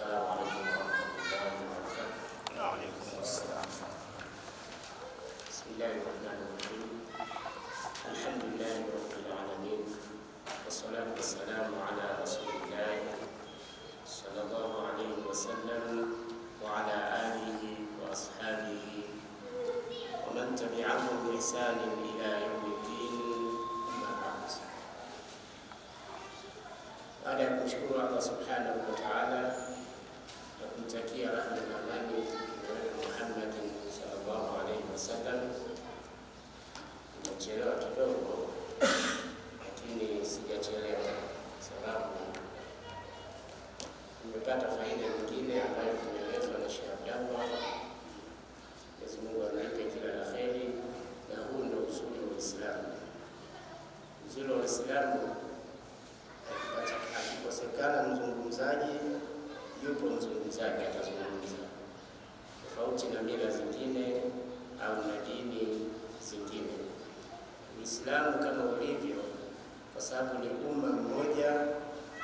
السلام عليكم ورحمة الله وبركاته وعليكم السلام بسم الله الرحمن الرحيم الحمد لله رب العالمين والصلاة والسلام على رسول الله صلى الله عليه وسلم وعلى آله وأصحابه ومن تبعه بإحسان إلى يوم الدين أما بعد أنا أشكر سبحانه Inawezekana mzungumzaji yupo, mzungumzaji atazungumza tofauti na mila zingine au na dini zingine. Uislamu kama ulivyo, kwa sababu ni umma mmoja,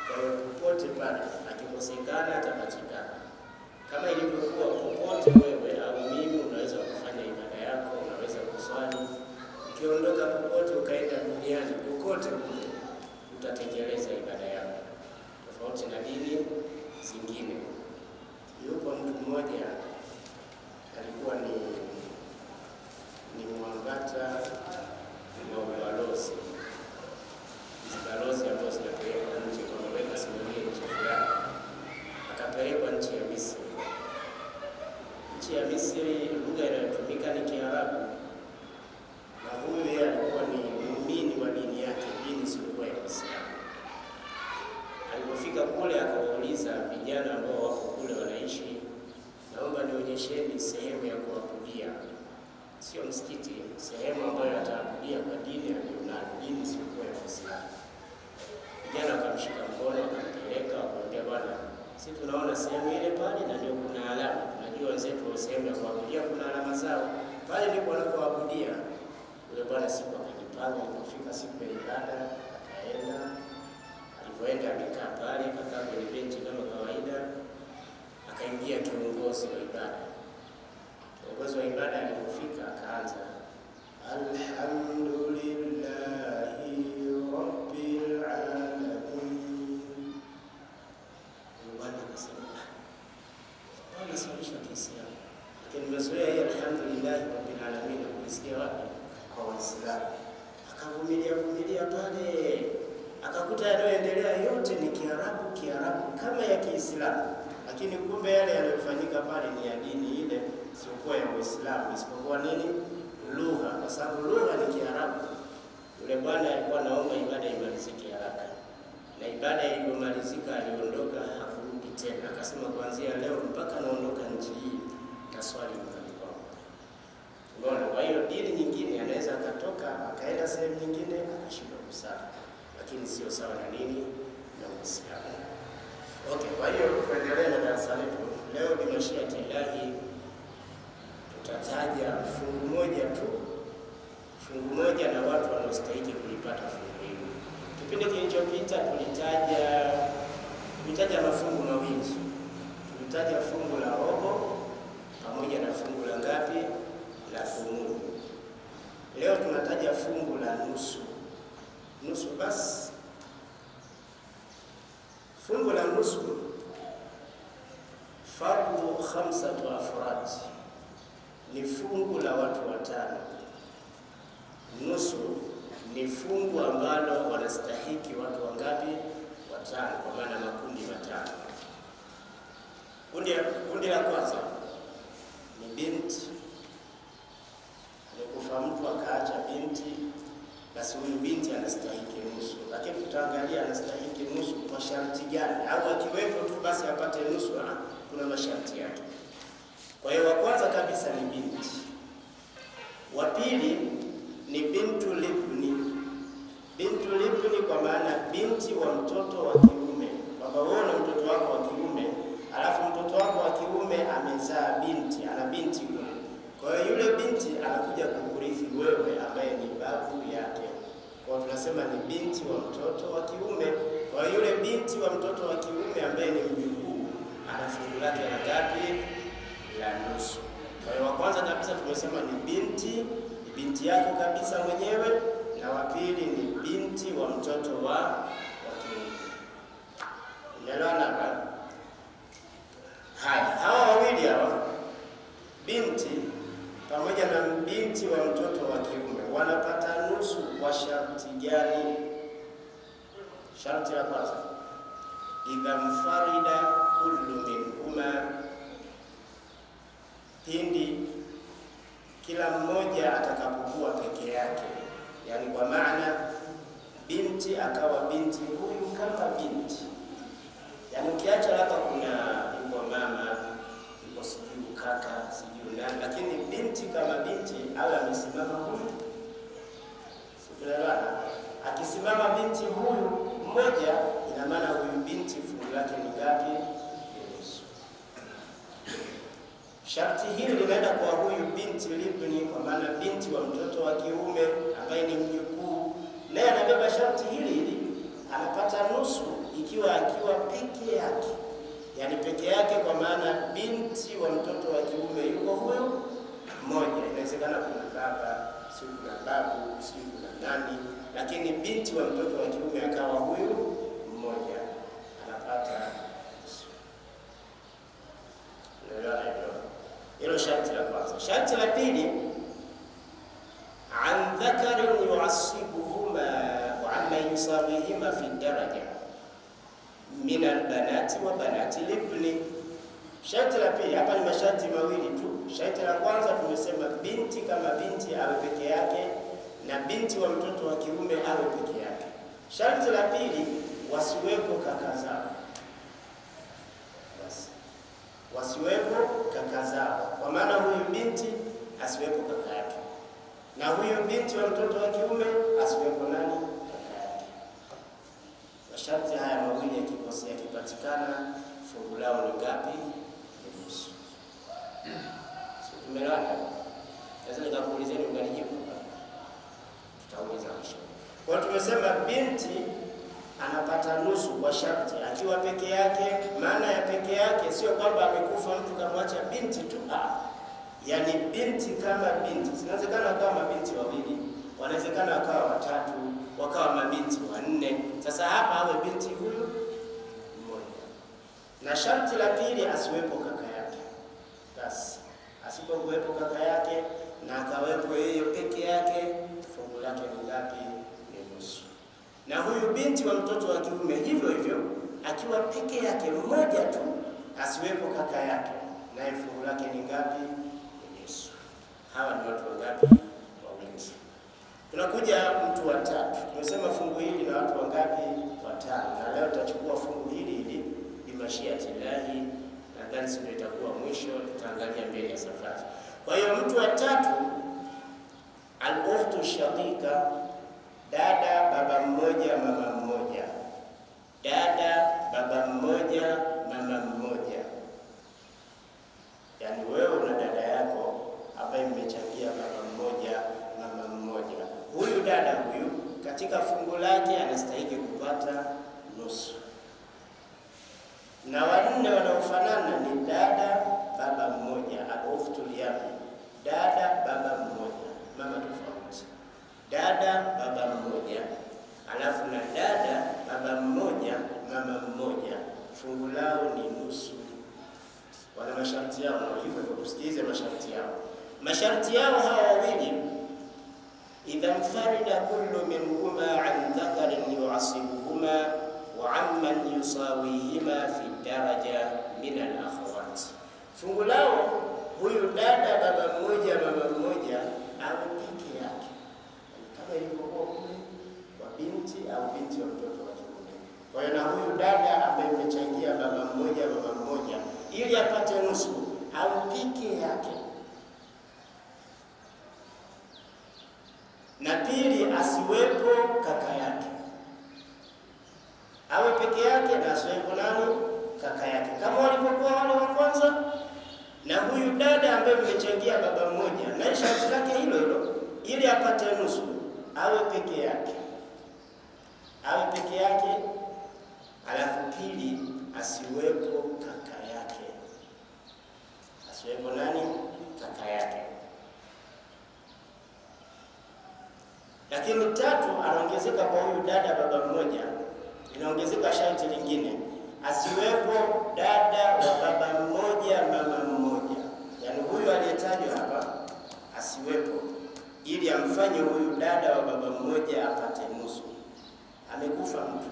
kwa hiyo popote pale akikosekana atapatikana, kama ilivyokuwa popote wewe au mimi unaweza kufanya ibada yako, unaweza kuswali ukiondoka popote ukaenda duniani, kokote utatekeleza ibada yako. Alipofika kule akawauliza vijana ambao wako kule wanaishi, naomba nionyesheni sehemu ya kuabudia, sio msikiti, sehemu ambayo ataabudia kwa dini aliyonayo, dini siokuwa ya Uislamu. Vijana wakamshika mkono, wakampeleka, wakamwambia, bwana, si tunaona sehemu ile pale, na ndio kuna alama, tunajua wenzetu wa sehemu ya kuabudia kuna alama zao pale, ndipo wanapoabudia. Yule bwana siku akajipanga, ilipofika siku ya ibada ibada alipofika akaanza alhamdulillahi rabbil alamin, akasema Kiislamu, lakini hii alhamdulillahi rabbil alamin wapi? Kwa Waislamu. Akavumilia vumilia pale akakuta yanayoendelea yote ni Kiarabu Kiarabu kama ya Kiislamu, lakini kumbe yale yanayofanyika pale ni ya dini ile isiyokuwa ya Uislamu isipokuwa nini? Lugha, kwa sababu lugha ni Kiarabu. Yule bwana alikuwa naomba ibada imalizike haraka, na ibada ilipomalizika aliondoka, hakurudi tena. Akasema kuanzia leo mpaka naondoka nchi hii taswali nyumbani kwangu. Unaona, kwa hiyo dini nyingine anaweza akatoka akaenda sehemu nyingine akashindwa kusali, lakini sio sawa na nini na Uislamu. Okay, kwa hiyo tuendelee na darasa letu leo ni mashiatillahi tutataja fungu moja tu, fungu moja na watu wanaostahili kulipata fungu hilo. Kipindi kilichopita tulitaja tulitaja mafungu mawili, tulitaja fungu la robo pamoja na fungu la ngapi la fungu. Leo tunataja fungu la nusu nusu. Basi fungu la nusu fardhu khamsatu afradi ni fungu la watu watano. Nusu ni fungu ambalo wanastahiki watu wangapi? Watano, kwa maana makundi matano. Kundi la kwanza ni binti. Amekufa mtu akaacha binti, basi huyu binti anastahiki nusu, lakini tutaangalia anastahiki nusu kwa sharti gani, au akiwepo tu basi apate nusu. Kuna masharti yake. Kwa hiyo wa kwanza kabisa ni binti, wa pili ni bintu libni. Bintu libni kwa maana binti wa mtoto wa kiume, kwamba wewe na mtoto wako wa kiume, alafu mtoto wako wa kiume amezaa binti, ana binti huyo. Kwa hiyo yule binti anakuja kukurithi wewe ambaye ni babu yake, kwa tunasema ni binti wa mtoto wa kiume. Kwa hiyo yule binti wa mtoto wa kiume ambaye ni mjukuu ana fungu lake la ngapi? la nusu. Kwa hiyo wa kwanza kabisa tumesema ni binti, ni binti yako kabisa mwenyewe, na wa pili ni binti wa mtoto wa wa kiume. Umeelewana Haya, hawa wawili hawa binti pamoja na binti wa mtoto wa kiume wanapata nusu kwa sharti gani? Sharti la kwanza idha mfarida kullu minhuma pindi kila mmoja atakapokuwa peke yake, yaani kwa maana binti akawa binti huyu kama binti, yaani ukiacha hapa kuna yuko mama yuko sijui kaka sijui nani, lakini binti kama binti awe amesimama huyu sikuelewana. akisimama binti huyu mmoja, ina maana huyu binti fungu lake ni ngapi? Sharti hili linaenda kwa huyu binti libni, kwa maana binti wa mtoto wa kiume ambaye ni mjukuu, naye anabeba sharti hili hili, anapata nusu ikiwa akiwa peke yake, yaani peke yake, kwa maana binti wa mtoto wa kiume yuko huyo mmoja. Inawezekana kuna baba, si kuna babu, si kuna nani, lakini binti wa mtoto wa kiume akawa huyu mmoja anapata Hapa ni masharti mawili tu. Sharti la kwanza tumesema binti kama binti awe peke yake na binti wa mtoto wa kiume awe peke yake. Sharti la pili, wasiwepo kaka zao, wasiwepo kaka zao, kwa maana huyu binti asiwepo kaka yake na huyu binti wa mtoto wa kiume asiwepo nani, kaka yake. Masharti haya mawili yakikosea, yakipatikana fungu lao ni ngapi? ibada, lazima nikakuulizeni mkanijibu, tutauliza kesho. Kwa tumesema binti anapata nusu kwa sharti akiwa peke yake. Maana ya peke yake sio kwamba amekufa mtu kamwacha binti tu, ah, yani binti kama binti, zinawezekana wakawa mabinti wawili, wanawezekana wakawa watatu, wakawa mabinti wanne. Sasa hapa awe binti huyu mmoja, na sharti la pili asiwepo kaka yake basi asipokuwepo kaka yake na akawepo yeye peke yake, fungu lake ni ngapi? Ni nusu. Na huyu binti wa mtoto wa kiume hivyo hivyo, akiwa peke yake mmoja tu, asiwepo kaka yake, naye fungu lake ni ngapi? Ni nusu. Hawa ni watu wangapi? Wawili. Tunakuja mtu wa tatu. Tumesema fungu hili na watu wangapi? Watano. Na leo tutachukua fungu hili hili bimashiati gani siku itakuwa mwisho, tutaangalia mbele ya safari. Kwa hiyo mtu wa tatu al-ukhtu shaqiqa, dada baba mmoja mama mmoja, dada baba mmoja mama mmoja. Yaani wewe una dada yako ambaye mmechangia baba mmoja mama mmoja. Huyu dada huyu katika fungu lake anastahili kupata nusu na wanne wanaofanana ukhtul yam, dada baba mmoja, mama tofauti, dada baba mmoja, alafu na dada baba mmoja mama mmoja, fungu lao ni nusu. Wana masharti yao, na hivyo tusikilize masharti yao. Masharti yao hawa wawili, idha mfarida kullu minhuma an dhakarin yuasibuhuma wa amman yusawihima fi daraja min al-akhawat, fungu lao huyu dada baba mmoja mama mmoja awe peke yake, kama ilivyokuwa kule kwa binti au binti wa mtoto wa kiume. Kwa hiyo na huyu dada ambaye mmechangia baba mmoja mama mmoja, ili apate nusu, au peke yake. Na pili, asiwepo kaka yake, awe peke yake na asiwepo nani, kaka yake, kama walivyokuwa wale wa kwanza na huyu dada ambaye mmechangia baba mmoja, na sharti lake hilo hilo, ili apate nusu, awe peke yake, awe peke yake, alafu pili, asiwepo kaka yake, asiwepo nani? Kaka yake. Lakini tatu, anaongezeka kwa huyu dada baba mmoja, inaongezeka sharti lingine, asiwepo dada wa baba mmoja mama mmoja lakini huyu aliyetajwa hapa asiwepo, ili amfanye huyu dada wa baba mmoja apate nusu. Amekufa mtu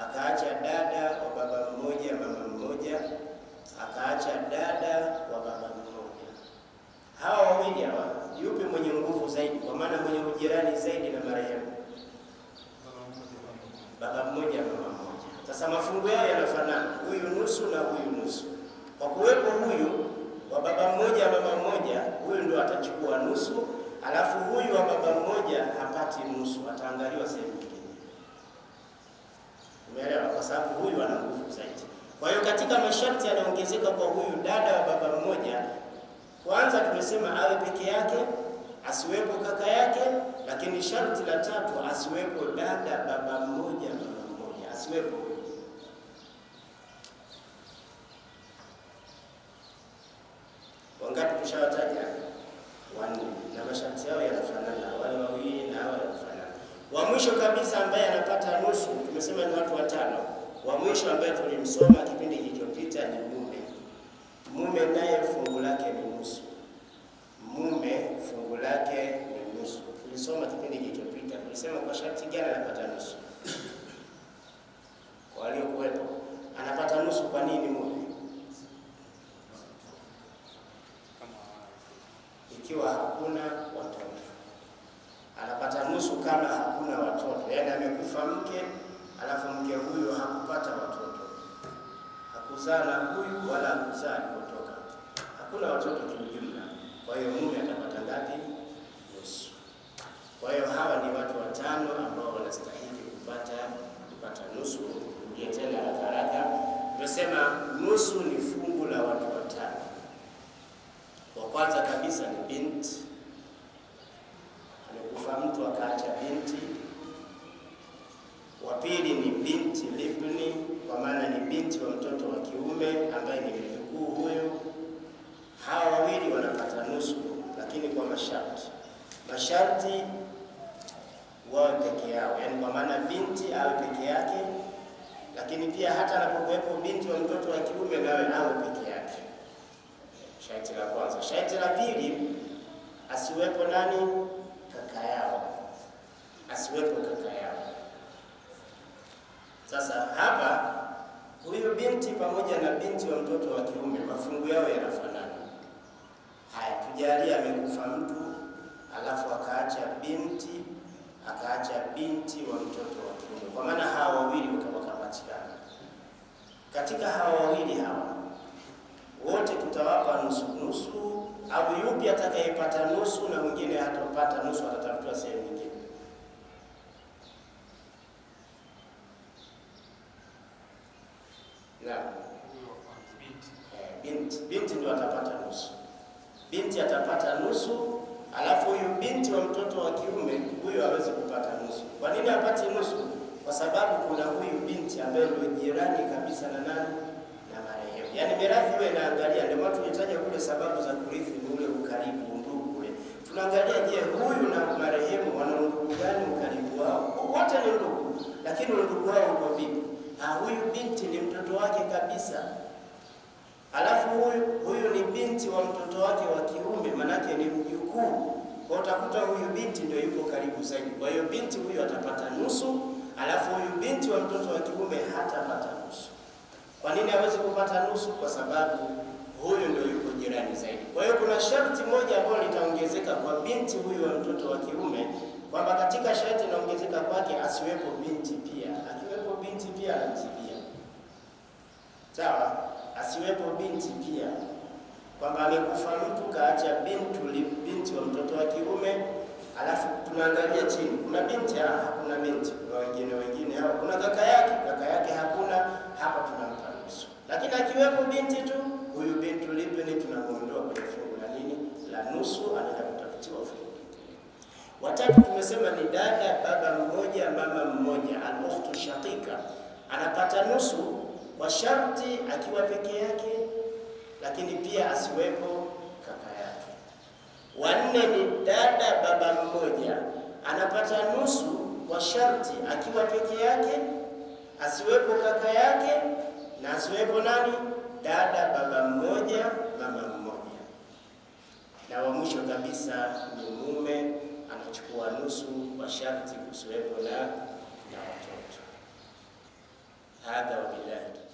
akaacha dada wa baba mmoja, mama mmoja, akaacha dada wa baba mmoja. Hawa wawili hawa, yupi mwenye nguvu zaidi? Kwa maana mwenye ujirani zaidi na marehemu baba mmoja, mama mmoja. Sasa mafungu yao yanafanana, huyu nusu na huyu nusu. Kwa kuwepo huyu kwa sababu huyu ana nguvu zaidi. Kwa hiyo katika masharti yanaongezeka kwa huyu dada wa baba mmoja, kwanza tumesema awe peke yake, asiwepo kaka yake, lakini sharti la tatu asiwepo dada baba mmoja mama mmoja, asiwepo wangapi? tushawata mwisho kabisa ambaye anapata nusu tumesema ni watu watano. Wa mwisho ambaye tulimsoma kipindi kilichopita ni mume, mume naye fungu lake ni masharti. Masharti wawe peke yao, yaani kwa maana binti awe peke yake, lakini pia hata anapokuwepo binti wa mtoto wa kiume nawe awe peke yake. Sharti la kwanza. Sharti la pili, asiwepo nani? Kaka yao, asiwepo kaka yao. Sasa hapa huyo binti pamoja na binti wa mtoto wa kiume mafungu yao yanafanana hayatujalia amekufa mtu alafu akaacha binti akaacha binti wa mtoto wa kiume, kwa maana hawa wawili wakapatikana. Katika hawa wawili hawa wote tutawapa nusu nusu, au yupi atakayepata nusu na mwingine hatopata nusu, atatafutiwa sehemu nyingine. binti atapata nusu, alafu huyu binti wa mtoto wa kiume huyo hawezi kupata nusu. Kwa nini apate nusu? Kwa sababu kuna huyu binti ambaye ndio jirani kabisa na nani, na marehemu. Yaani mirathi iwe inaangalia, ndio watu tunataja kule sababu za kurithi, ni ule ukaribu, ndugu kule. Tunaangalia, je, huyu na marehemu wana ndugu gani, ukaribu wao? Wote ni ndugu, lakini ndugu wao uko vipi? Ah, huyu binti ni mtoto wake kabisa, alafu huyu huyu ni binti wa mtoto wake wa kiume yake ni mjukuu. Kwa utakuta huyu binti ndio yuko karibu zaidi, kwa hiyo binti huyu atapata nusu, alafu huyu binti wa mtoto wa kiume hatapata nusu. Kwa nini hawezi kupata nusu? Kwa sababu huyu ndio yuko jirani zaidi. Kwa hiyo kuna sharti moja ambayo litaongezeka kwa binti huyu wa mtoto wa kiume kwamba katika sharti inaongezeka kwake asiwepo binti pia. Akiwepo binti pia anamzibia, sawa? Asiwepo binti pia kwamba amekufa mtu kaacha binti, binti wa mtoto wa kiume, alafu tunaangalia chini, kuna binti ah, hakuna binti, kuna wengine wengine hao, ah, kuna kaka yake, kaka yake hakuna, hapa tunampa nusu. Lakini akiwepo binti tu, huyu binti libni tunamuondoa kwenye fungu la nini la nusu, anaenda kutafutiwa fungu Watatu tumesema ni dada, baba mmoja, mama mmoja, al-ukhtu shaqiqa anapata nusu kwa sharti akiwa peke yake lakini pia asiwepo kaka yake. Wanne ni dada baba mmoja, anapata nusu kwa sharti akiwa peke yake, asiwepo kaka yake na asiwepo nani, dada baba mmoja, mama mmoja, na wa mwisho kabisa ni mume, anachukua nusu kwa sharti kusiwepo na na watoto. hadha wabillahi